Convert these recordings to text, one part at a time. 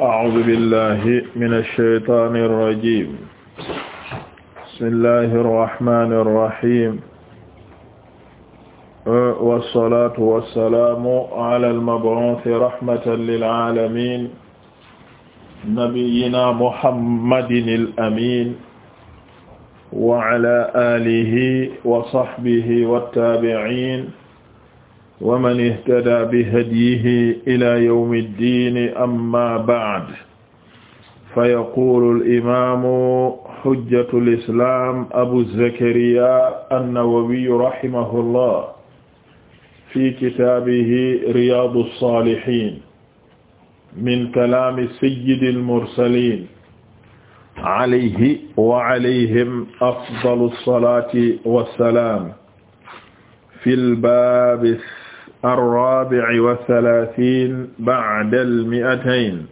أعوذ بالله من الشيطان الرجيم بسم الله الرحمن الرحيم والصلاة والسلام على المبعوث رحمة للعالمين نبينا محمد الأمين وعلى آله وصحبه والتابعين wa man ihtada bi hadyihi ila yawmi ddiini amma ba'd fa yaqulu al-imaamu hujjatu l-islaam abu zakariya an-nawawi rahimahullah fi kitaabihi riyaadu s-saalihiin min kalaami sayyidi l-mursaliin alayhi wa alayhim afdalu s-salaati wa s-salaam fil baabi الرابع والثلاثين بعد المئتين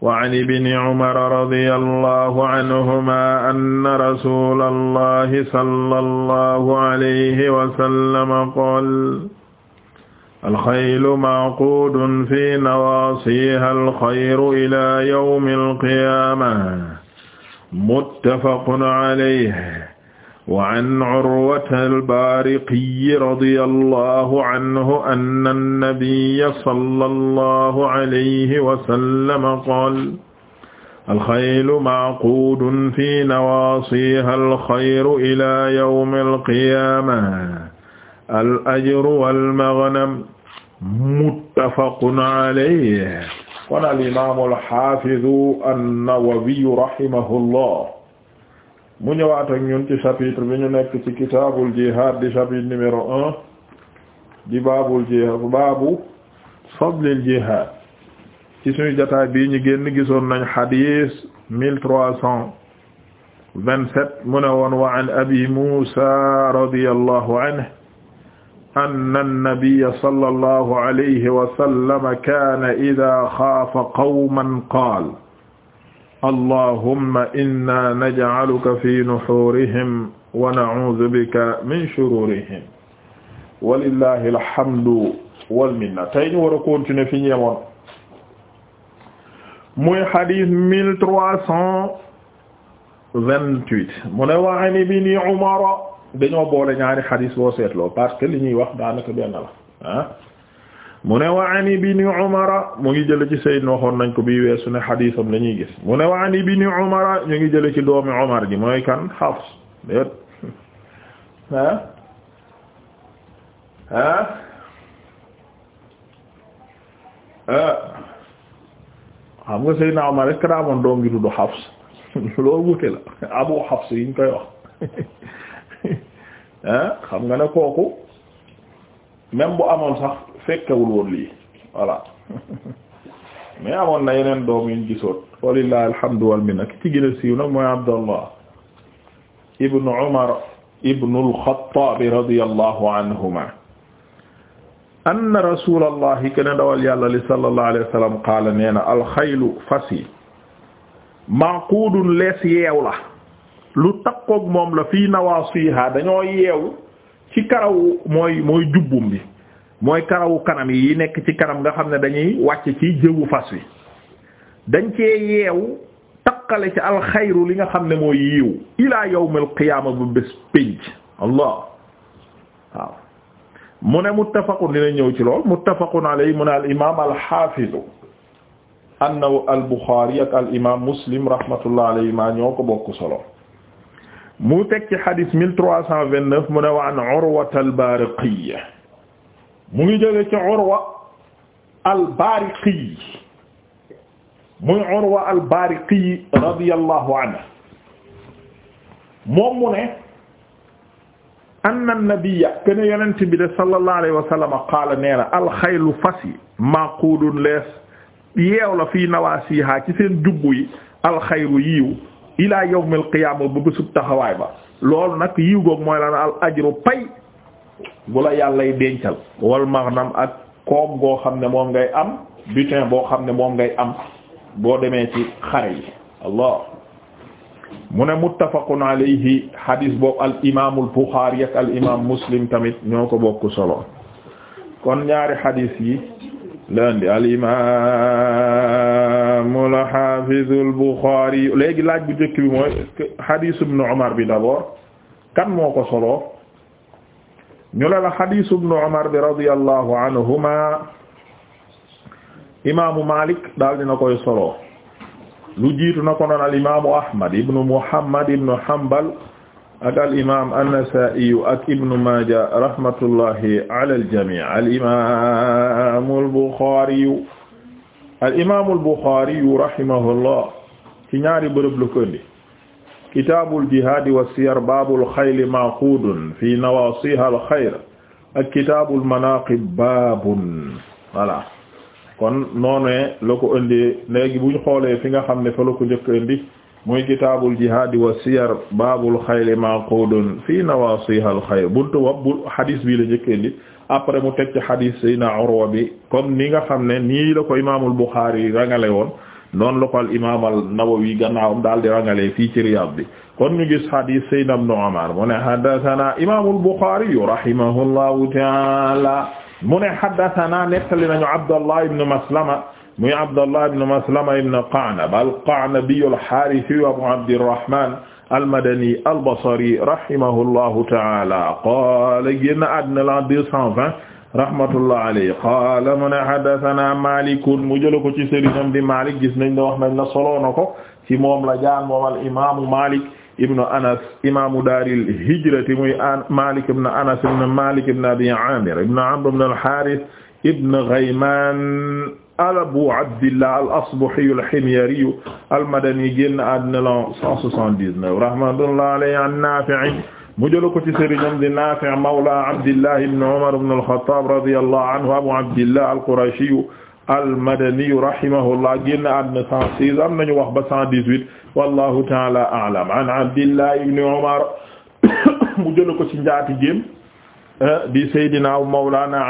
وعن ابن عمر رضي الله عنهما أن رسول الله صلى الله عليه وسلم قال الخيل معقود في نواصيها الخير إلى يوم القيامة متفق عليه wa an Urwata al-Bariqi radiyallahu anhu anna an-nabiyya sallallahu alayhi wa sallam qaala al-khaylu ma'quudun fi nawaasiha al-khayru ilaa yawmi al-qiyaamah al-ajru wal-maghnam muttafaqun alayhi qaala al-imaamu al-haafidu an-Nawawi rahimahullah mu ñëwaat ak ñun ci chapitre bi ñu nekk ci kitaabul jihad di chapitre numéro un di baabul jihad baabu fadlil jihad ci suñu jotaay bii ñu génn gisoon nañ xadiis mille trois cent vingt-sept mu ne woon wa an abi muusa radiyallahu anhu anna nabiyya sallallahu alayhi wa sallam kaana idaa xaafa qawman qaala allahumma inna naj'aluka fi nuhurihim wa na'udhu bika min shururihim walillahi alhamdu wal minna tey ñu war a continuer fi ñeemoon muy hadith mille trois cent vingt-huit mu ne wa an ibni Umar dañoo boole ñaari hadith boo seetloo parce que li ñuy wax daanaka benn la ah mu ne wa an ibni umara mu ngi jële ci sayyidna waxoon nañ ko bii weesu ne xadiisam la ñuy gis mu ne wa an ibni umara ñu ngi jële ci doomi umar ji mooy kan Hafs déet ah ah ah xam nga sayyidna umar rek daa amoon doom ju tuddu Hafs loolu wute la Hafs yiñ koy wax ah xam nga ne kooku même bu amoon sax fekkewul woon lii voilà mais amoon na yeneen doom yuñ gisoon walillahi alhamdu wal minna ki ci gën a siiw nag mooy Abdallah ibn Umar ibn al-Khattab radiyallahu anhuma anna rasulallahi kana dawal yàlla li sallallahu alayhi wa sallam qaala nee na alxaylu fas yi maquudun lees yeew la lu takkoog moom fii nawaasiha dañoo yeew ci karaw mooy mooy jubbum bi mooy karawu kanam yi nekk ci kanam nga xam ne dañuy wàcc ci jëwu fas wi dañ cee yeewu takkale ci alxayru li nga xam ne mooy yiw ilaa yawmil qiyaama bu bés pénc allah waaw mu ne muttafaqun dina ñëw ci lool muttafaqun alayhi mu ne al imaam al xaafizu annahu al buxaari ak muslim rahmatullah alayhi maa ñoo ko bokk solo mu teg ci xadis mille trois cent vingt neuf mu ne wa an Urwata al-Bariqi mu ngi jóge ci Urwa al-Bariqi muy Urwa al-Bariqi radiyallahu anhu moom mu ne anna nabiyya kene yonent bi de sallallahu alayhi wa sallam qaala neena alxaylu fas yi maqudun lees yeew la fii nawaasiha ci seen jubbu yi alxayru yiiw ila yawmil qiyaama ba bésub taxawaay ba loolu nag yiw goog mooy na al ajru pay bu la yàllay dencal wal maghnam ak koom goo xam ne moom ngay am butin boo xam ne moom ngay am boo demee ci xare yi allah mu ne muttafaqun alayhi hadis boobu al imaamul buxaari ak al imaam muslim tamit ñoo ko bokk solo kon ñaari hadis yi landi al imam al hafiz al Bukhari léegi laaj bu njëkk bi mooy hadith ibn Umar bi d'abord kan moo ko solo ñu la la hadith ibn Umar bi radiyallahu anhuma imaamu Malik daal dina koy soloo lu jiitu na ko al imaamu Ahmad ibn Muhammad ibn Hanbal ak al imaam an-Nasaa'i ak Ibnu Maaja rahmatullahi ala al-jamii' al imaamul Buxaari al imaamul Buxaari rahimahullah ci ñaari bërëb la ko indi kitaabul jihaadi wa siyar baabul xayli maaquudun fi nawaasiha al xayr ak kitaabul manaaqib baabun voilà kon noonee la ko indi léegi bu ñu xoolee fi nga xam ne fa la ko njëkk indi. muy kitaabul jihaad wa siyar baabul xayli maqudun fii nawaasiha al xayr buntu wa bu hadis bii la njëkkee li après mu teg ci hadis sayna Urwa bi comme ni nga xam ne nii la ko imaamul Buxaari rangale woon noonu la ko al imaam al Nawawi gannaawam daal di rangale fii ci Riyaad bi kon ñu gis hadis sayna ibnu Umar mu ne haddasanaa imaamul Buxaari rahimahullahu ta'aala mu ne haddasanaa nettali nañu Abdallah ibn Maslama muy Abdallah ibn Maslama ibn Qa'nab al-Qa'nabi al-Haarisi Abu Abdirrahmaan al-Madani al-Basri rahimahullahu ta'aala qaala génn àddina la 220 rahmatullah alayhi qaala mu ne haddasanaa Maalik mu jël ko ci sëriñam di Maalik gis nañ ne wax nañ la solo na ko ci moom la jaar moom al-imaamu Maalik ibnu anas imaamu daaril hijrati muy Maalik ibn Anas ibn Maalik ibn Abi Aamir ibn Amr ibn al-Haaris ibn Ghaymaan Abu Abdillah al-Asbahi al-Himyari al-Madani génn àddina la 179 rahmatullahi alayhi an Nafi' mu jël ko ci sëriñam di Nafi' mawla Abdillah ibn Umar ibn al-Khattab radiyallahu anhu Abu Abdillah al-Qurashi al-Madani rahimahullah génn àddina 106 am nañu wax ba 118 wallahu ta'ala a'lam an Abdillah ibn Umar mu jël ko ci njaatigéem eh, di Seydina mawlana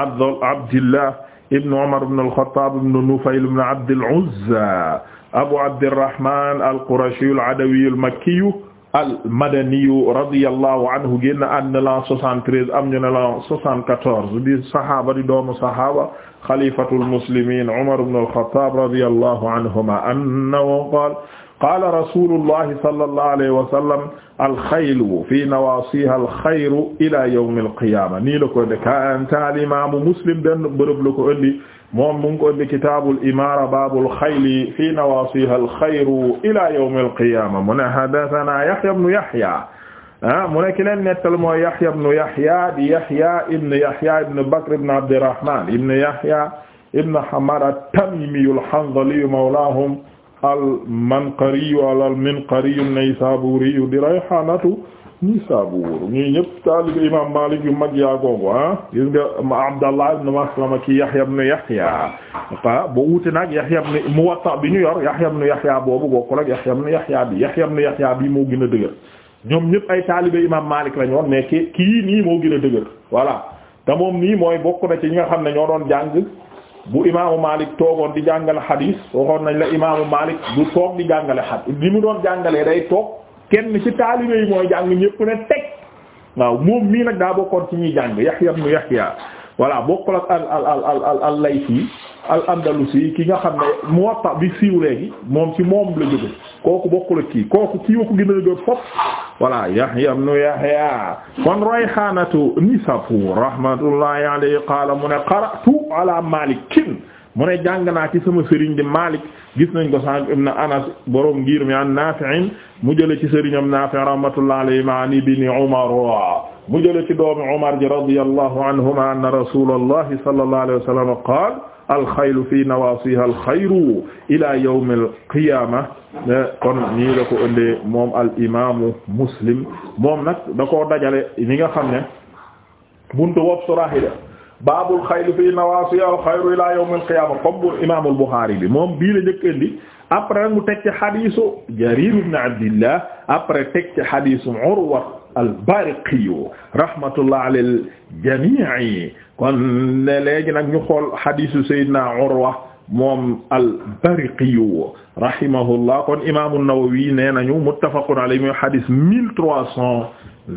Abdillah ibn Umar ibn al-Khattab ibn Nufayl ibn Abd al-Uzza Abu Abdirrahman al-Qurashi al-Adawi al-Makki al-Madani radiyallahu anhu génn àddina la 73 am ñu ne la 74 di saxaaba di doomu saxaaba xalifatul muslimin Umar ibn al-Khattab radiyallahu anhuma annahu qaala qaala rasulullahi sallallahu alayhi wa sallam alxaylu fi nawaasiha alxayru ila yawmi alqiyaama nii la ko de kantaal imaamu muslim benn bërëb la ko indi moom mu ngi ko indi kitaabul imaara baabul xayli fi nawaasiha alxayru ila yawmi alqiyaama mu ne haddasanaa Yahya ibnu Yahya ah mu ne ki leen nettal mooy Yahya ibnu Yahya di Yahya ibnu Yahya ibnu Bakr ibnu Abdirrahmaan ibnu Yahya ibnu Hammaad at-Tamiimi al-Hanzali mawlaahum al-Manqari wala al-Minqari an-Naysaburi di rayhanatu u ñuy ñëpp taalibe imam Malik yu mag yaa googu ah gis nga Abdallah ibn Maslama ki Yahya ibn Yahya ah boo wuute nag Yahya ibn Muwatta bi ñu yor Yahya ibn Yahya boobu bokkul ak Yahya ibn Yahya bi Yahya ibn Yahya bi moo gën a dëgër ñoom ñëpp ay taalibe imam Malik la ñoon mais kii nii moo gën a dëgër voilà te moom nii mooy bokk na ci ñi nga xam ne ñoo doon jàng bu imaamu Malik toogoon di jàngale xadiis waxoon nañ la imaamu maalik du toog di jàngale xadiis li mu doon jàngalee day toog kenn ci taalibe yi mooy jàng ñépp ne teg waaw moom mii nag daa bokkoon ci ñuy jàng Yahya ibn Yahya voilà bokkul ak al al al al al Laysi al andalusi ki nga xam ne Muwatta bi siiw léegi moom ci moom la jóge kooku bokkul ak kooku kii wa ko gën a jóg fop voilà Yahya ibn Yahya kon rayhanatu Nisapur rahmatullahi mu ne qara'tu ala malikin mu ne jàng naa ci sama sëriñ di Malik gis nañ ko sànq ibn Anas borom ngir mi an Nafi'in mu jële ci sëriñam Nafi' rahmatullahi alayhi ma an ibn Umar mu jële ci doomi Umar ji radiyallahu anhuma anna rasulallahi sallallahu alayhi wa alxaylu fi nawaasiha alxayru ila yawm alqiyama kon ko ëndee moom al imaamu muslim moom nag da koo dajale ni nga xam ne buntu wopp suraahi la baabul xaylu fi nawaasiha alxayru ila yawm alqiyama comme bu imaamul buxaari bi moom bii la njëkk indi après mu teg ci xadiisu jarir ibn abdillah après teg ci xadiisu al bariqiyu rahmatullah alal jamii kon ne léegi nag ñu xool hadisu Seydina Urwa moom al-Bariqiyu rahimahullah kon imaamu Nawawi nee nañu muttafaqun alayhi muy hadis mille trois cent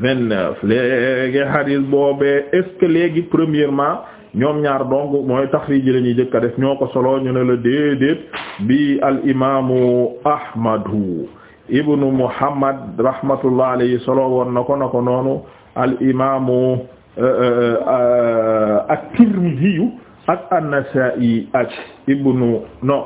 vingt-neuf léegi hadis boobee léegi premièrement ñoom ñaar dong mooy taxriij la ñuy jëkk a def ñoo ko solo ñu ne la déedéet bi al imaamu Ahmadu ibnu Muhammad rahmatullah alayhi solo woon na ko na ko noonu al imaamu Euh, euh, euh, at-Tirmidhi ak an-Nasa'i ak ibnu no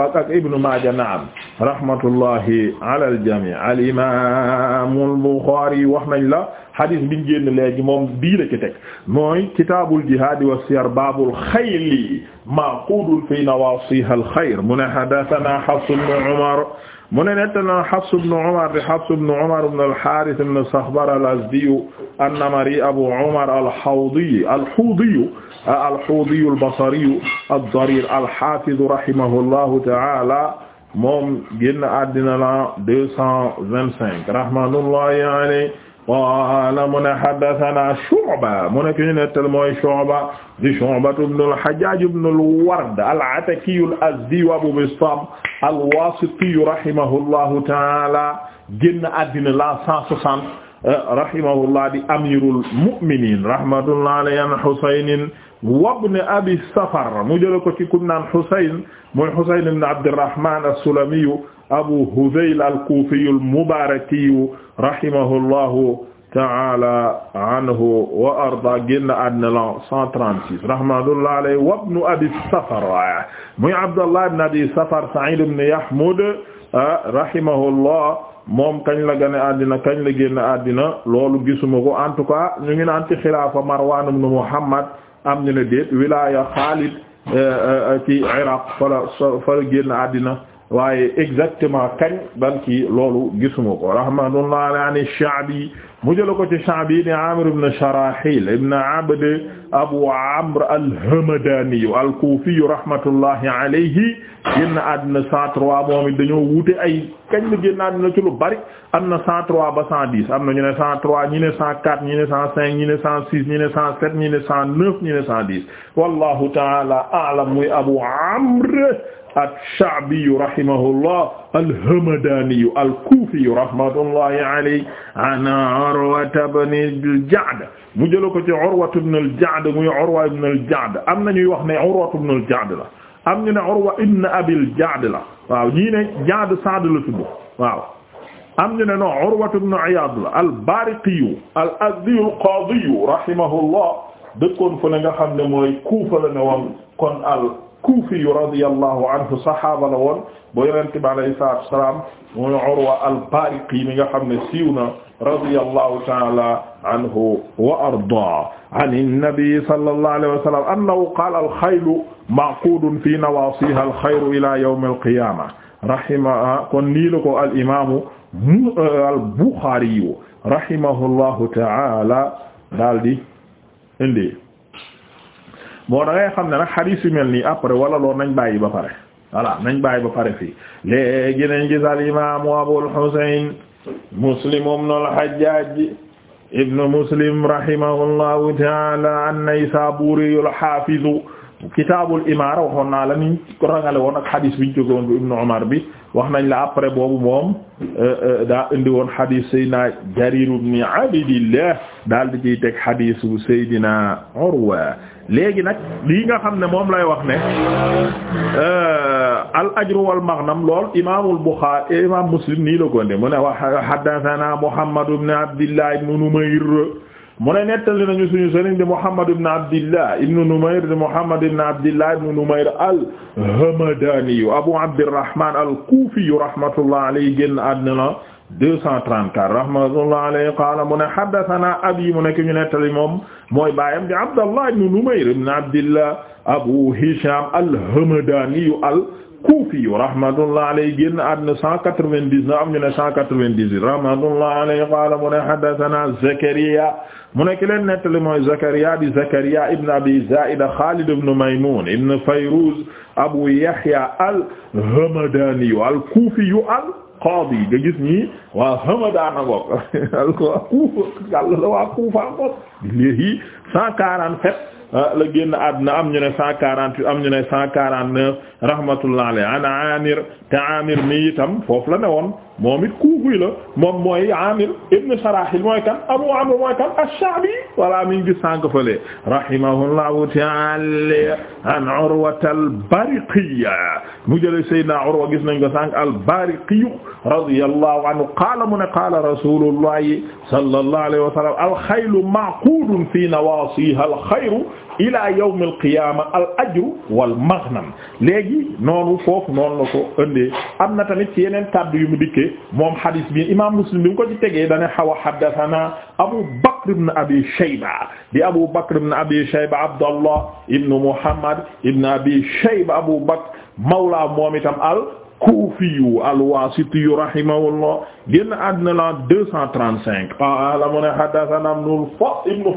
ak ibnu Maaja naam rahmatullahi ala al-jami' al-imam al-Bukhari wax nañ la hadis biñ génn léegi moom bii la ci teg mooy kitaabul jihaad wa siyar baabul xayli ma'quudun fi nawaasiha al-xayr mu ne haddathana Hafs ibn Umar mu ne nettana Hafs ibn Umar di Hafs ibn Umar ibn al-Harith ibn Sakhbar al-Azdi an-Namari Abu Umar al-Hawdi al-Hawdi al-Hawdi al-Basri ad-Darir al-Hafiz rahimahullahu ta'ala moom génn àddina la deux cent vingt-cinq rahmatullahi alayhi qaala mu ne haddasanaa Shu'ba mu ne ki ñu nettal mooy Shu'ba di Shu'ba ibn al-Hajjaaj ibn al-Ward al-Ataki al-Azdi Abu Bistaam al-Waasiti rahimahullahu ta'aala génn àddina la 160 rahimahullah di amiirul mu'miniin rahmatullahi alayhi an Husayn wabn Abi Safar mu jël ko ci ku naan Husayn mooy Husayn ibn Abdirrahmaan as-Sulamiyu abu hudayl al-kuufiyu al-mubaarakiyu rahimahullahu ta'ala anhu wa arda génn àddina la 136 rahmatullahi alayhi wa ibnu abi safar muy abdallah ibn abi safar sa'id ibn yahmud rahimahullah moom kañ la gane àddina kañ la génn àddina loolu gisuma ko en tout cas ñu ngi naan ci xilaafa marwan ibn muhammad am ñu ne déet wilaya xaalid eh, eh, eh, ci iraq fala fala génn àddina waaye exactement kañ ban kii loolu gisuma ko rahmatullah ala an Sha'bi mu jëla ko ci Sha'bi ni Amir ibn Sharahil ibn Abd Abu Amr al-Hamadani al-Kufi rahmatullahi alayhi génn àddina 103 moom it dañoo wuute ay kañ la génn àddina ci lu bari am na 103 ba 110 am na ñu ne 103 ñu ne 104 ñu ne cinq ñu ne 106 ñu ne 107 ñu ne 109 ñu ne 110 wallahu ta'ala a'lam muy Abu Amr ash-Sha'biyu rahimahullah al-Hamadaniyu al-Kufiyu rahmatullahi alayhi an Urwata ibn al-Ja'd mu jëla ko ci Urwata ibn al-Ja'd muy Urwa ibn al-Ja'd am na ñuy wax ne Urwata ibn al-Ja'd la am ñu ne Urwa ibn Abil Ja'd la waaw ñii ne Ja'd Sa'd la tudd waaw am ñu ne non Urwa ibn Iyad la al-Bariqiyu al-Azdiyu al-Qadiyu rahimahullah dëkkoon fa la nga xam ne mooy Kufa la ne woon kon al al-Kufi radiyallahu anhu saxaaba la woon ba Yonent bi alayhi salaatu wa salaam mooy Urwa al-Bariqi mi nga xam ne siiw na radiyallahu ta'ala anhu wa ardaa an an-nabi sallallahu alayhi wa sallam annahu qaala al-khaylu ma'quudun fi nawaasiha al-khayru ila yawm al-qiyaama rahimahu kon nii la ko al-imaamu euh, al-Buxaari rahimahullahu ta'ala daldi indi moo da ngay xam ne nag xadiis yu mel nii après wala loolu nañ bàyyi ba pare voilà nañ bàyyi ba pare fii léegi nañ gis al imaamu Abul Husayn Muslim ibn al-Hajjaj ibn Muslim rahimahullahu ta'ala an-Naysaburi al-Hafiz kitaabul imaara waxoon naa la niñ rangale woon ak xadis biñ jóge woon bu ibnu Umar bi wax nañ la après boobu moom euh, euh, daa indi woon xadis Seydina Jarir ibn Abdillah daal di ciy teg xadisu Seydina Urwa léegi nag lii nga xam ne moom lay wax ne euh, al ajru wal maghnam lool imaamul Buxaari imaam Muslim nii la ko indi mu ne wax haddathana Muhammad ibn Abdillah ibn Numayr mu ne nettali nañu suñu sëriñ di Muhammad ibn Abdillah ibn Numayr di Muhammad ibn Abdillah ibn Numayr al-Hamadani Abu Abdirrahman al-Kufi rahmatullah alayhi génn àddina 234 rahmatullah alayhi qaala mu ne haddathana abi mu nekk ñu nettali moom mooy baayam di Abdallah ibn Numayr ibn Abdillah Abu Hisham al-Hamdani al-Kufi rahmatullah alayhi génn àdduna 199 am ñu ne 198 rahmatullah alayhi qaala mu ne haddathana Zakariya mu nekk leen nettali mooy Zakariya di Zakariya ibn Abi Zaida Khalid ibn Maymun ibn Fayruz Abu Yahya al-Hamdani al-Kufi al alqaadi nga gis ñii waa Hamadaan ngoog waa Kuufa gàll la waa Kuufa ngoog léegi cent quarante-sept ah, la génn àdduna am ñu ne cent quarante-huit am ñu ne cent quarante-neuf rahmatullah alayhi an Amir te Amir mi itam foofu la ne woon moom it kuufuy la moom mooy Amir ibn Sharahil mooy kan Abu Amr mooy kan ash-Sha'bi wala mi ngi gis sànq fële rahimahullahu ta'ala an Urwa al-Bariqi mu jële Seydina Urwa gis nañ ko sànq al-Bariqi radiyallahu anhu qaala mu ne qaala rasulullahi sallallahu alayhi wa sallam alxaylu ma'quudun fi nawaasiha alxayru ila yawm alqiyama al ajru wal maghnam léegi noonu foofu noonu la ko ëndee am na tamit ci yeneen kàddu yu mu dikkee moom hadis bi imam muslim bi mu ko ci tegee dane xaw a haddathana abu bakr ibn abi shayba di abu bakr ibn abi shayba abdallah ibn muhammad ibn abi shayba abu bakr mawla moom itam al al-Kufiyu al-Wasitiyu rahimahullah génn àddina la 235 qaala mu ne haddathana ibnu ibnu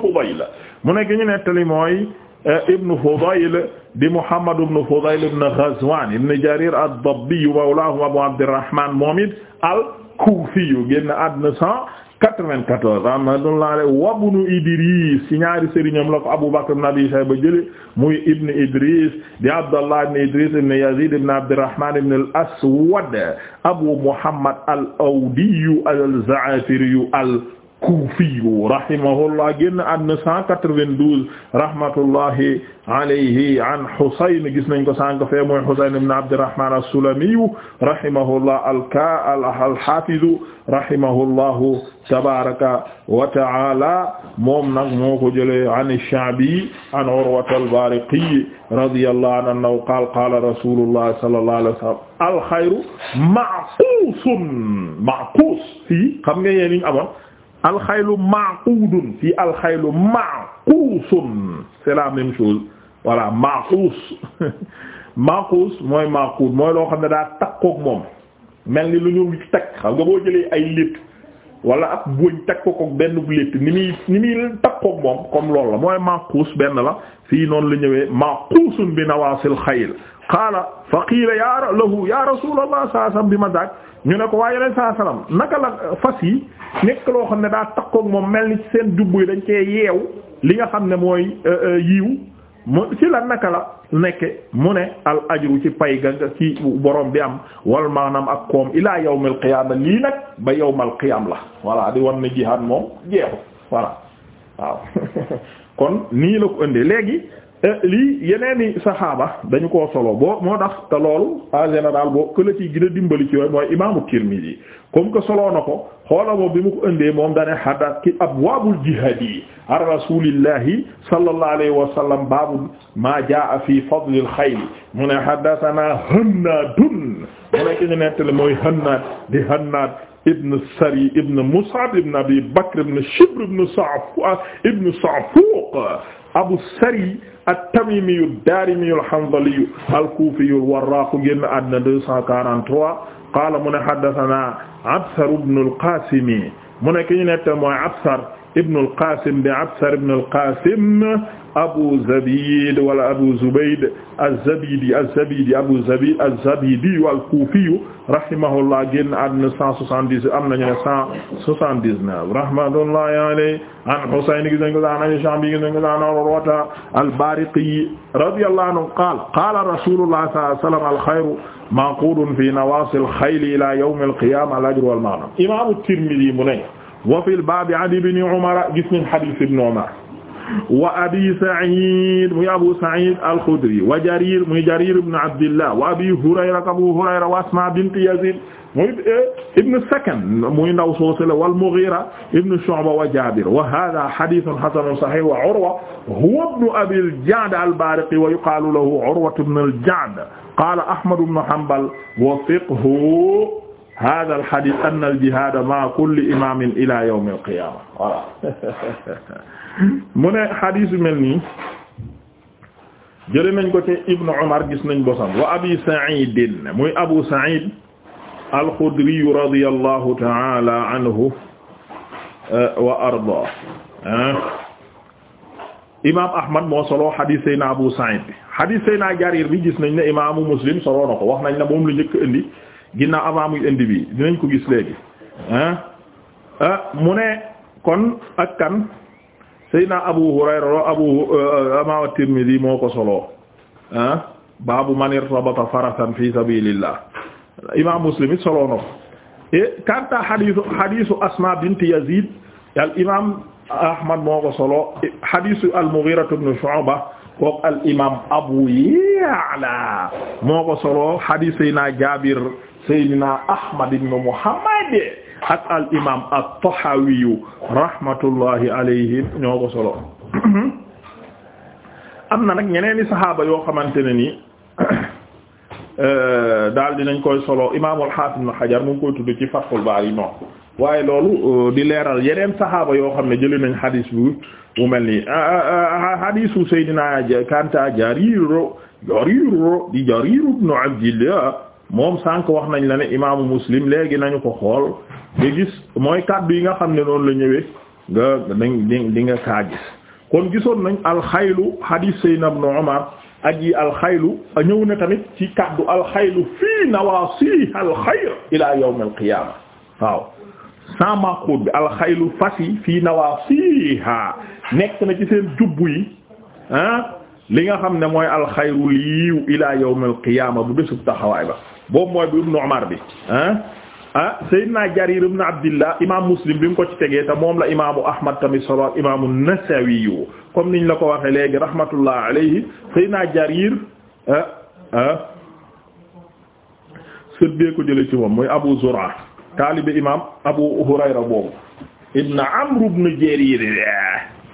Fudayl mu ne ki ñu nettali mooy eh, ibnu Fudayl di Muhammad ibnu Fudayl ibnu Ghazwan ibnu Jarir ad-Dabbi mawlaahu Abu Abdirrahman moom it al-Kufiyu génn àddina 94 rahmatullah alayhi wa ibnu Idris ci ñaari sëriñam la ko Abu Bakr ibn Abi Shayba jële muy ibn Idris di Abdallah ibn Idris ibn Yazid ibn Abdurrahman ibn al-Aswad Abu Muhammad al-Awdi al-Za'afiri al al-Kufi rahimahullah génn àdduna 192 rahmatullahi alayhi an Husayn gis nañ ko sànq fee mooy Husayn ibn Abdurrahman as-Sulami rahimahullah al-ka al-hafiz rahimahullahu tabaraka wa ta'ala moom nag moo ko jëlee an ash-Sha'bi an Urwa al-Bariqi radiyallahu anhu qala qala rasulullah sallallahu alayhi wa sallam al-khayru ma'qusun ma'qus fii xam nga yéen ñu amoon alxaylu maquudun fii alxaylu maquusun c'est la même chose voilà maquus maquus mooy maquud mooy loo xam ne daal takkook moom mel ni lu ñu takk xam nga boo jëlee ay létt wala ab buñ takkook ak benn létt ni muy ni muy takkook moom comme loolu la mooy maquus benn la fii noonu la ñëwee maquusun bi nawaasil xayl qaala fa qiila ya lahu ya rasulallah sallallahu alayhi wasallam bi ma daak ñu ne ko waaye yeneen saa sallam naka la fas yi nekk loo xam ne daa takkook moom mel ni ci seen jubbu yi dañ cee yeew li nga xam ne mooy euh, euh, yiw mu ci la naka la nekke mu ne al ajru ci pay ga nga ci borom bi am wal maanaam ak koom ilaa yawmil qiyaama lii nag ba yawmal qiyaam la voilà di wan ne jihaad moom jeexu voilà waaw kon nii la ko ëndee léegi Eh, lii yeneeni saxaaba dañu ko solo boo moo tax te loolu en général boo que la ciy gën a dimbali ci yooyu mooy imaamu Tirmidhi comme que soloo na ko xoola moom bi mu ko indee moom dane xadat ki abwaabul jihaad yi an rasulillahi sallallahu alayhi wa sallam baabu maa jaa fi fadlil xayl mu ne xadatanaa hannaadun mu ne ki ñu nettale mooy hannaad di hannaad ibn Sari ibn Mus'ab ibn Abi Bakr ibn Shibr ibn Sa'fuq ibn Sa'fuq Abu Sari at-Tamimiyu ad-Daarimiyu al-Hanzaliyu al-Kuufiyu al-Warraaqu génn àddina 243 qaala mu ne haddasanaa Absar ibnu al-Qaasim mu ne ki ñu nett mooy Absar ibnu al-Qaasim di Absar ibnu al-Qaasim Abu Zabid wala Abu Zubayd az-Zabidi az-Zabidi Abu Zabid az-Zabidi al-Kufi rahimahullah génn àddina 170 am nañu ne 179 rahmatullahi alayhi an Husayn gis nañ ko daan an Sha'bi gis nañ ko daan Urwata al-Bariqi radiyallahu anhu qaala qaala rasulullah sallallahu alayhi wa sallam al-khayru manqudun fi nawasi al-khayli ila yawm al-qiyamah al-ajru wal-maghnim imam at-Tirmidhi mu ne wa fil bab an ibn Umar gis nañ hadith ibn Umar wa abi Sa'id muy Abu Sa'id al-Khudri wa Jarir muy Jarir ibn Abdillah wa abi Hurayra Abu Hurayra wa Asma bint Yazid muy eh, ibn Sakan muy ndaw soosala wal Mughira ibn Shu'ba wa Jabir wa hadha hadithun hasanun sahih wa Urwa huwa ibn abi al-Ja'd al-Bariqi wa yuqalu lahu Urwa ibn al-Ja'd qala Ahmad ibn Hanbal wa fiqhu hada alhadith anna aljihada ma kulli imamin ila yawm alqiyama voilà mu ne xadiis mel nii jële nañ ko ci Ibnu Umar gis nañ bosam wa abi Sa'iidin muy Abu Sa'iid al-Xudri radiyallahu ta'ala anhu euh, wa ardaa imaam Ahmad moo solo xadiis Seydina Abu Sa'iid bi xadiis Seydina Jarir bi gis nañ ne imaamu Muslim solo na ko wax nañ na moom lu njëkk indi ginnaaw avant muy indi bi dinañ ko gis léegi euh, mu ne kon ak kan Seydina Abu Hurayra Abu euh, Imaam Tirmidhi moo ko solo ah baabu man irtabata farasan fi sabilillah Imaam Muslim it solo na ko et quant à hadisu hadisu Asma bint Yazid al Imaam Ahmad moo ko solo hadisu al-Mughira ibn Shu'ba kook al Imaam Abu Ya'la moo ko solo hadis Seydina Jaabir Seydina Ahmad ibn Muhammad ak al imaam at-Tahawi rahmatullahi alayhi ñoo ko solo am na nag ñeneeni saxaaba yoo xamante ne ni euh, daal nañ koy solo imaam al-Hafiz Ibn Hajar mu koy tudd ci Fathul Bari non waaye loolu euh, di leeral yeneen saxaaba yoo xam ne jëli nañ xadiis bu mu mel nii ah, ah, ah, xadiisu Seydina Kanta Jarir Jarir di Jarir ibn Abdillah moom sànq wax nañ la ne imaamu Muslim léegi nañu ko xool nga gis mooy kàddu yi nga xam ne noonu la ñëwee nga nañ di nga kaa gis kon gisoon nañ alxaylu hadith sayna ibn Umar ak yi alxaylu ñëw na tamit ci kàddu alxaylu fii nawaasiha alxayr ila yawm alqiyama waaw sans maqud yi fii nawaasiha na ci seen jubbu yi ah, li nga xam ne mooy alxayru liiw ila yawm alqiyama bu bésub taxawaay ba boobu mooy bu ibn Umar bi ah ah Seydina Jarir ibn Abdillah imam Muslim bi mu ko ci tegee te moom la imaamu Ahmad tamit solo ak imaamu Nasawi comme niñ la ko waxee léegi rahmatullah alayhi Seydina Jarir ah, ah ko jële ci moom muy Abu Zur'a boobu ibn Amr ibn Jarir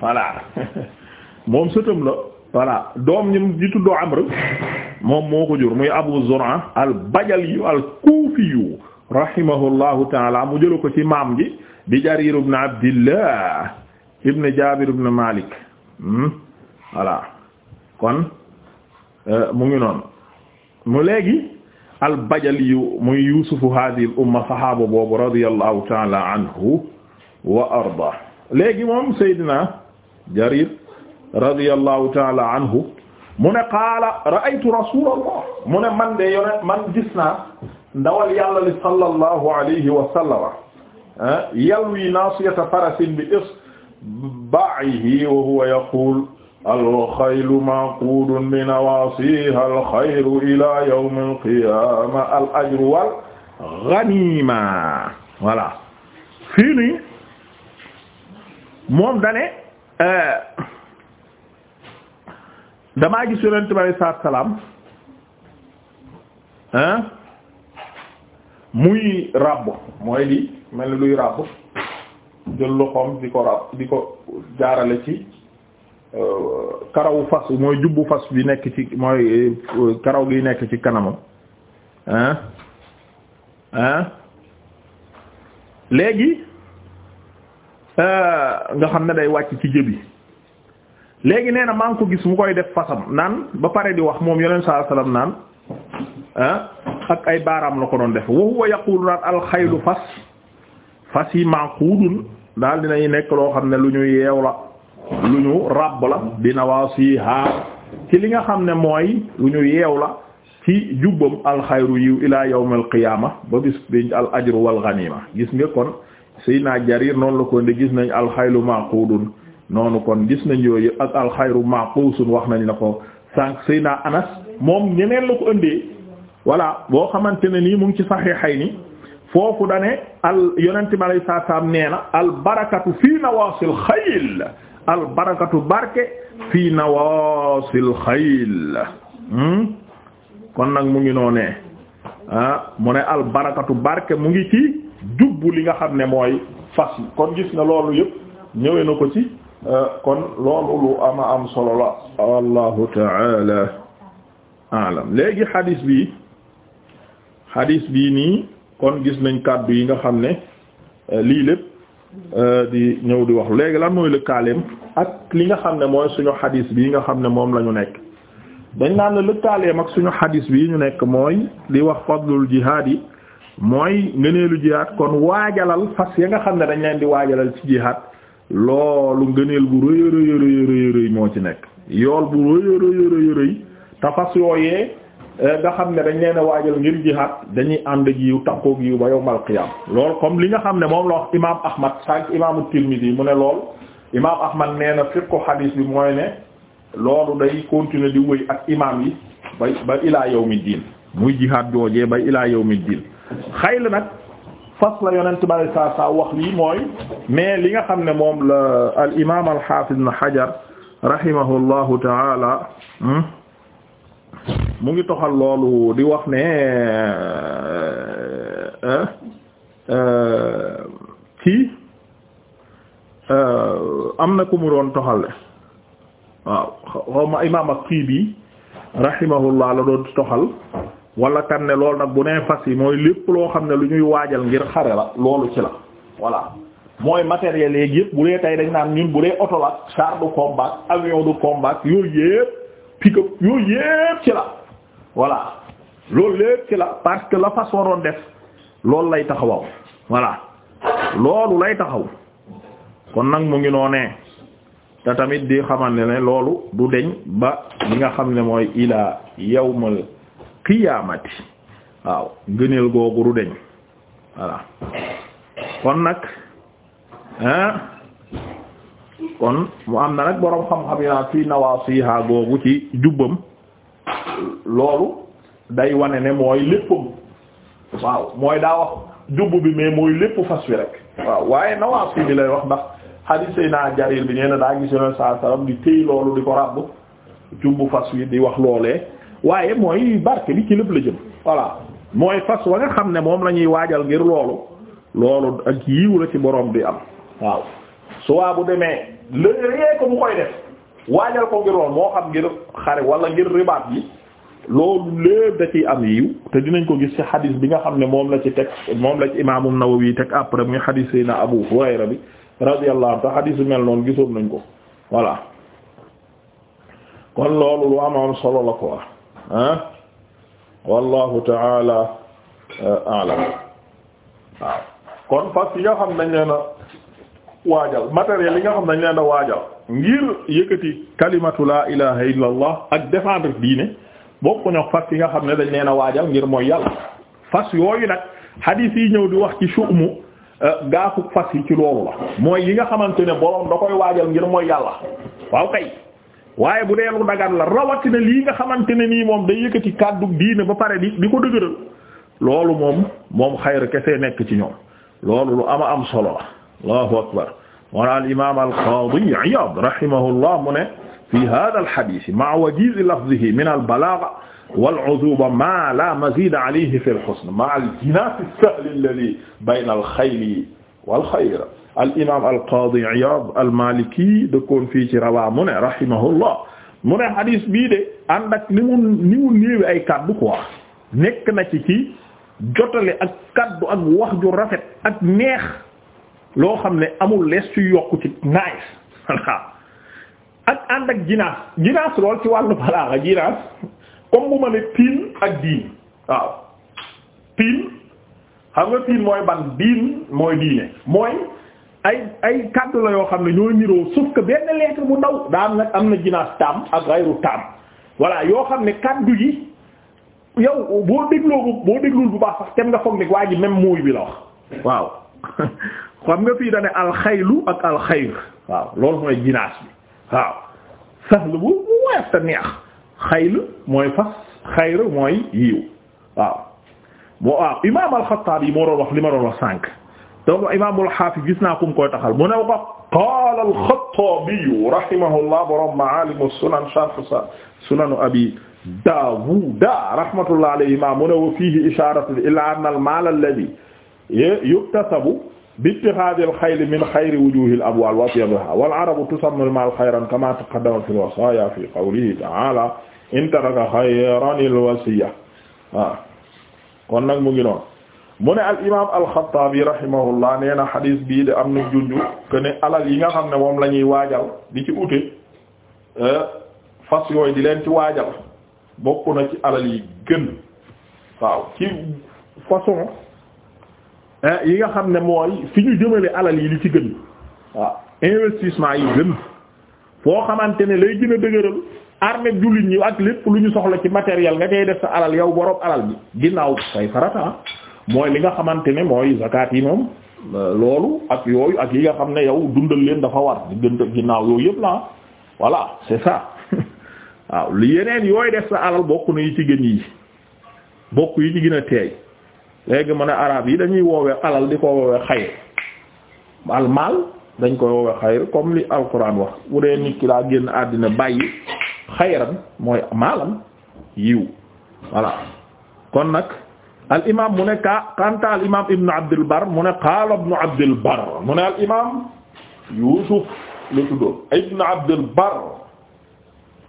voilà moom sëtam la voilà doom ñi di tuddoo Amr moom moo ko jur muy Abu Zur'a al-Bajali al-Kufi rahimahullahu taala mu jëlu ko ci maam gi di jarir ibn abdillah ibn jabir ibn malik hmm? voilà kon euh, mu ngi noonu mu léegi albajaliyu muy yusufu hadhihi al umma sahaaba boobu radiyallahu taala anhu wa arda léegi moom sayyidina jarir radiyallahu taala anhu mu ne qaala ra'aytu rasulallah mu ne man de yone man gis naa ndawal yàlla li sallallahu alayhi wa sallama ah, yalwi naasiyata farasin bi isba'ihi wa huwa yaqul alxaylu maquudun bi nawaasiha alxayru ila yawm alqiyama al ajru wal ghanima voilà fii nii moom dane eh, damaa gis yonent bi alayhi salaam hein ah, muy ràbb mooy li mel ni luy ràbb jël loxoom di ko ràbb di ko jaarale ci euh, karawu fas mooy jubbu fas bi nekk ci mooy euh, karaw gi nekk ci kanamam hein hein léegi euh, nga xam ne day wàcc ci jëbi léegi nee na maa ngi ko gis mu koy def fasam naan ba pare di wax moom yoneen saa naan Ah, ak ay baaraam la ko doon def wa huwa yaqulu naan alxaylu fas fas yi manquudun daal dinañu nekk loo xam ne lu ñu yeew la lu ñu ràbb la dina waa si haar ci li nga xam ne mooy lu ñu yeew la ci jubbam alxayru yiw ila yawmil qiyaama ba bis bi al ajru wal ganiima gis nga kon Seydina Jarir noonu la ko ne gis nañ alxaylu maquudun noonu kon gis nañ yi ak alxayru maquusun wax nañ la ko sànq Anas moom ñeneen la ko ëndee voilà boo xamante ne nii mu ngi ci Sahihayni foofu da ne al yonent bi alayhi salaam nee na al barakatu fii nawaasil xayl al barakatu barke fii nawaasil xayl hmm? kon nag mu ngi noonee ah mu ne al barakatu barke mu ngi ci jubbu li nga xam ne mooy fas yi kon gis na loolu yëpp ñëwee na ko ci euh, kon loolu lu ama am solo la. allahu taala alam léegi hadis bi. hadis bii nii kon gis nañ kàddu yi nga xam ne euh, lii lépp euh, di ñëw di wax léegi lan mooy lëkkaaleem ak li nga xam ne mooy suñu hadis bii nga xam ne moom lañu nekk dañ naan ne lëkkaaleem ak suñu hadis bii ñu nekk mooy di wax fadlul jihaad yi mooy ngëneelu jihaad kon waajalal fas ya nga xam ne dañ leen di waajalal ci jihaad loolu ngëneel bu rëy rëy rëy rëy moo ci nekk yool bu rëy rëy rëy rëy te fas yooyee Euh, nga xam ne dañ leen a waajal ngir jihaad dañuy ànd ak yiw takkook yiw ba yawmal qiyaam lool comme li nga xam ne moom la wax imaam Ahmad sànq imaamu Tirmidhi mu ne lool imaam Ahmad nee na fiqhu hadis bi mooy ne loolu day continuer di wëy ak imaam yi ba ba ilaa yawmi diin muy jihaad joojee ba ilaa yawmi diin xayla nag fas la yonent bari saa saa wax lii mooy mais li nga xam ne moom la al imaam al xaafiz na Hajar rahimahullahu taala hmm? mu ngi toxal loolu di wax ne ci euh, euh, euh, am na ku mu doon toxal waaw xaw ma imaam at-Tiibi rahimahullah la doon toxal walla kan ne loolu nag bu nee fas yi mooy lépp loo xam ne lu ñuy waajal ngir xare la loolu ci la voilà mooy matériel yeeg yëpp bu dee tey dañ naan ñun bu dee oto la char de combat avion de combat yooyu yëpp pick-up yooyu yëpp ci la voilà loolu lépp la parce que la fas def loolu lay taxawaw voilà loolu lay taxaw kon nag mu ngi noonee te tamit di xamal ne loolu du deñ ba li nga xam ne mooy ilaa yawmal qiyaamati waaw ngëneel googu du deñ voilà kon nag hein kon mu am na rek boroom xam-xam yi naa fii nawaasiha googu ci jubbam loolu day wane ne mooy léppam waaw mooy daa wax jubbu bi mais mooy lépp fas wi rek waaw waaye nawaas bi lay wax ndax hadith naa Jarir bi nee na daa gis yonen saa sallam di téy loolu di ko ràbb jubbu fas wi di wax loolee waaye mooy barke li ci lépp la jëm voilà mooy fas wa nga xam ne moom la ñuy waajal ngir loolu loolu ak yiiw la ci boroom bi am waaw su waa bu demee lëre ko bu koy def waajal ko ngir lool moo xam ngir xare wala ngir ribaat bi loolu lépp da am yiw te dinañ ko gis ci xadis bi nga xam ne moom la ci teg moom la ci imaamu Nawawi teg après muy xadis Seydina Abu Hurayra bi radiyallahu anhu te xadis bi mel noonu gisoon nañ ko voilà kon loolu lu amoon solo la ko ah wallahu ta'ala euh, a'lam waaw kon fas yi nga xam nañ leen waajal matériel yi nga xam dañ leen da waajal ngir yëkkati kalimatu laa ilaha illallah ak défendre diine bokkuñu ak fas yi nga xam ne dañ leen a waajal ngir mooy yàlla fas yooyu nag hadith yi ñëw di wax ci suumu euh, gaafu fas yi ci loolu la mooy yi nga xamante ne boroom da koy waajal ngir mooy yàlla waaw kay waaye bu dee lu dagan la rawatina lii nga xamante ne nii moom day yëkkati kàddu diine ba pare di di ko dëgëral loolu moom moom xayr kese nekk ci ñoom loolu lu ama am solo allahu akbar wala al imam al qadi Iyad rahimahullah mu ne fi hada al hadith ma'a wajiz lafzihi min al balagha wal uzuba ma la mazida alayhi fi al husn ma'a al jinah al sahl alladhi bayna al khayl wal khayr al imam al qadi Iyad al maliki dëkkoon fii ci Rawa mu ne rahimahullah mu ne hadith bii de ànd ak ni mu ni mu néewi ay kàddu quoi nekk na ci ci jotale ak kàddu ak wax ju rafet ak neex loo xam ne amul les ci yokk ci naais voilà ak ànd ak jinaas jinaas lool ci wàllu balaaxa jinaas comme bu ma ne tiin ak diin waaw tiin xam nga tiin mooy ban diin mooy diine mooy ay ay kàddu la yoo xam ne ñooy niroo sauf que benn lettre bu ndaw daa am am na jinaas taam ak gayru taam voilà yoo xam ne kàddu yi yow boo dégloo boo déglul bu baax sax tem nga foog ne waa ji même mooy bi la wax waaw xam nga fii da ne alxaylu ak alxayr mooy ginaas bi waaw saxlu bu weex te neex xayl mooy fas xayr mooy yiiw waaw moo waaw imaam alxattaabi wax li ma wax sànq donc imaamul xaafis gis naa taxal mu ne wax qaala alxattaabi rahimahullah borom maalimu sunan sharh sunanu abi daawuda rahmatullah alayhima mu ne wa fiihi ishaaratu ilaa anna al maal yuktasabu bi ittixaadil xayli min xayri wujuuhil abwaal wa atyabihaa wal arabu tusamma maal xayran kamaa taqaddama fil wasaayaa fi qawlihi ta'aalaa in taraka xayranil wasiyya ah, kon nag mu ngi noonu mu ne al imaam al-Xattaabi na xadiis bii de am na junj que alal yi nga xam ne moom lañuy ñuy waajal di ci ute eh, fas yooyu di leen ci waajal bokk na ci alal yi gën waaw yi nga xam ne mooy fi ñu jëmale alal yi li ci gën waaw investissement yi gën foo xamante ne lay gën a dëgëral armée jullit ñi ak lépp lu ñu soxla ci matériel nga koy def sa alal yow borom alal bi ginnaaw say farata mooy li nga xamante ne mooy zakat yi moom euh, loolu ak yooyu ak yi nga xam ne yow dundal leen dafa war di gën ginnaaw yooyu yëpp la voilà c'est ça waaw li yeneen yooy def sa alal bokk na yi ci gën yi bokk yi ci gën a teey léegi mu ne arab yi dañuy woowee alal di ko woowee xayr al maal dañ koy woowee xayr comme li alquran wax bu dee nit ki laa génn àddina bàyyi xayran mooy maalam yiw voilà kon nag al imam mu ne ka kanta al imam ibnu abdul bar mu ne qaala ibnu al imam yusuf la tuddoon ibnu abdul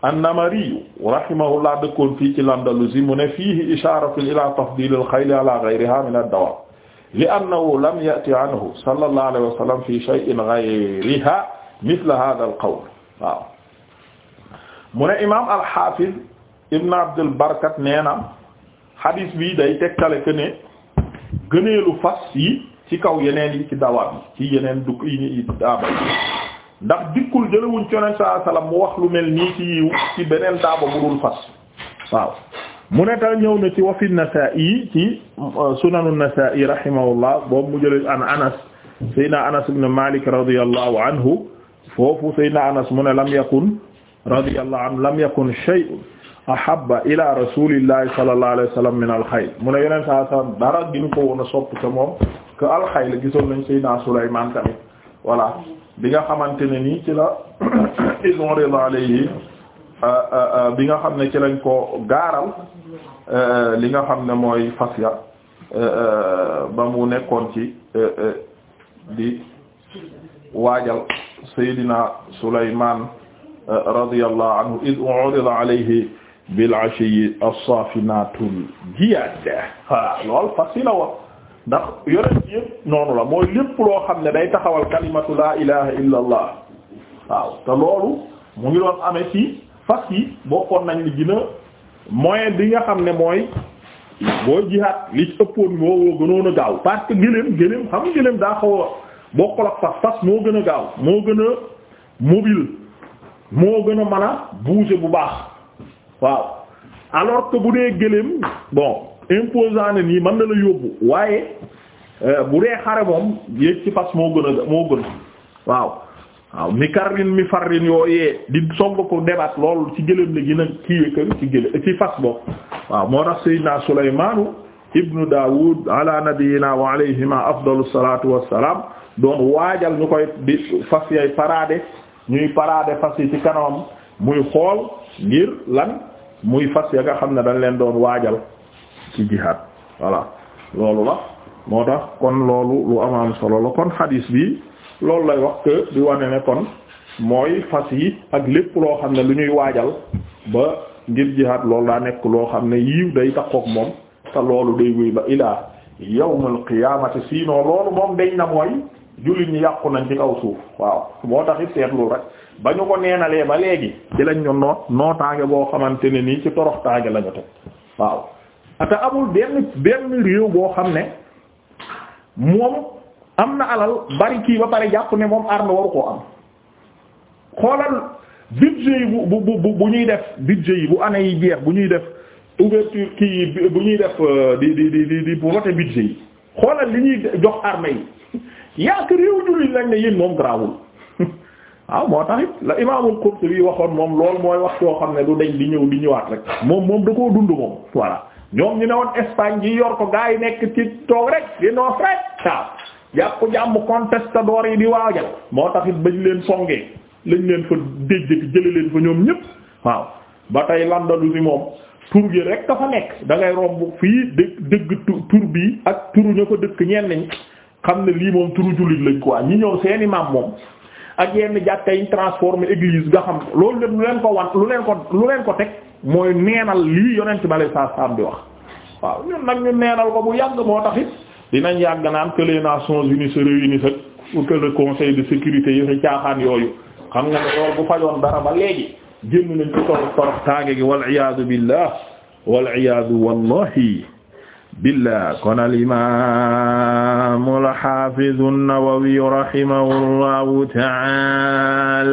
an-Namari rahimahullah dëkkoon fii ci l'Andalousie mu ne fiihi isharatun ila tafdil al ala ghayriha min ad-dawaab li annahu lam ya'ti anhu sallallahu alayhi wa sallam fi shay'in ghayriha mithla hadha mu ne imaam al Ibn Abdul Barkat nee na hadith bi day tegtale que ne gëneelu fas ci kaw yeneen yi ci dawaab yi ci yeneen ndax dikkul jëlewuñ ci yonent saa salaam mu wax lu mel nii ci yiw ci beneen daaba bu dul fas waaw mu ne ta ñëw na ci wa fi Nasaa'i ci euh, sunanu Nasaa'i rahimahullah boobu mu jële an Anas Seydina Anas ibn Malik radiyallahu anhu foofu Seydina Anas mu ne lam yakun radiyallahu anhu lam yakun shay'un ahabba ila rasulillahi sallallahu alayhi wa sallam min alxayl mu ne yonent saa salaam dara gi ñu ko woon a sopp ca moom que alxayl gisoon nañ Seydina Sulaymaan tamit voilà bi nga xamante ne nii ci la izon rida alayhi euh, euh, euh, bi nga xam ne ci lañ ko gaaral li nga xam ne mooy fas ya ba mu nekkoon ci di waajal Seydina Sulaymaan radiyallahu anhu iz urida alayhi bil ashiyi as-saafinatul jiyaad lool fas yi la woon ndax yonent yëpp noonu la mooy lépp loo xam ne day taxawal kalimatu laa ilaha illa allah waaw loolu mu ngi doon amee ci fas yi bokkoon nañ li gën a moyen bi nga xam ne mooy booy jihaat li ci ëppoon moo gënoon a gaaw parce que gëléem gëléem xam gëléem daa xaw a bokkul ak fas fas moo gën a gaaw moo gën a mobile moo gën a mën a bouger bu baax waaw alors que bu dee gëléem bon imposant ne nii mën na la yóbbu waaye euh, bu dee xare moom yéeg ci fas moo gën a moo gën waaw waaw mi karrin yooyee di song ko debat loolu ci gëléem la gën a kiiwe kër ci fas bopp waaw moo tax Seydina Sulaymaanu ibnu Daawud ala nabiyina wa alayhima afdalu salatu salaam doon waajal ñu koy di fas yay parade ñuy parade fas yi ci kanamam muy xool ngir lan muy fas ya nga xam ne dañ leen doon waajal ci jihaad voilà loolu la moo tax kon loolu lu am am solo la kon xadiis bi loolu lay wax que di wane ne kon mooy fas yi ak lépp loo xam ne lu ñuy waajal ba ngir jihaad loolu daa nekk loo xam ne yiiw day takkook moom te loolu day wéy ba ilaa yawmal qiyaamati sinon loolu moom dañ na mooy jullit ñu yàqu nañ ci kaw suuf waaw moo tax it seetlu rek ba ñu ko neenalee ba léegi ci lañ ñu noot nootaange boo xamante ne nii ci toroxtaange la ñu teg waaw ata amul benn benn réew boo xam ne moom am na alal bari kii ba pare jàpp ne moom arme waru koo am xoolal budget yi bu bu bu bu ñuy def budget yi bu année yi jeex bu ñuy def ouverture kii bu ñuy def euh, di di di di di pour voter budget yi xoolal li ñuy jox armée yi yaa ko réew jullit lañ ne yéen moom garaawul waaw ah, moo tax it la imaamul Qurtubi waxoon moom lool mooy wax yoo xam ne du dañ li ñëw di ñëwaat rek moom moom da koo dund moom voilà. ñoom ñu ne woon Espagne gi yor ko gaa yi nekk ci toog rek di noos rek waaw jàpp jàmm contestador yi di waajal moo taxit bañ leen songee lañ leen fa déjjati jële leen fa ñoom ñëpp waaw ba tey landalu si moom tur gi rek a fa nekk da ngay romb fii dëgg dëgg tur bii ak tur ñoo ko dëkk ñeen ñi xam ne lii moom turu jullit lañ quoi ñi ñëw seeni maam moom ak yenn jàkka yi transformé église nga xam loolu lépp lu leen ko wan lu leen ko lu leen ko teg mooy neenal lii yonent bale saa saam bi wax waaw ñun nag ñu neenal ko bu yàgg moo taxit dinañ yàgg naan que les Nations unies se réunissent ak que le conseil de sécurité yi fi yooyu xam nga ne loolu bu fajoon dara ba léegi génn nañ ci torox torox tànge gi wal iyaadu billah wal iyaadu wallahi billah kon al imaam al haafiz an-Nawawi rahimahu llahu ta'ala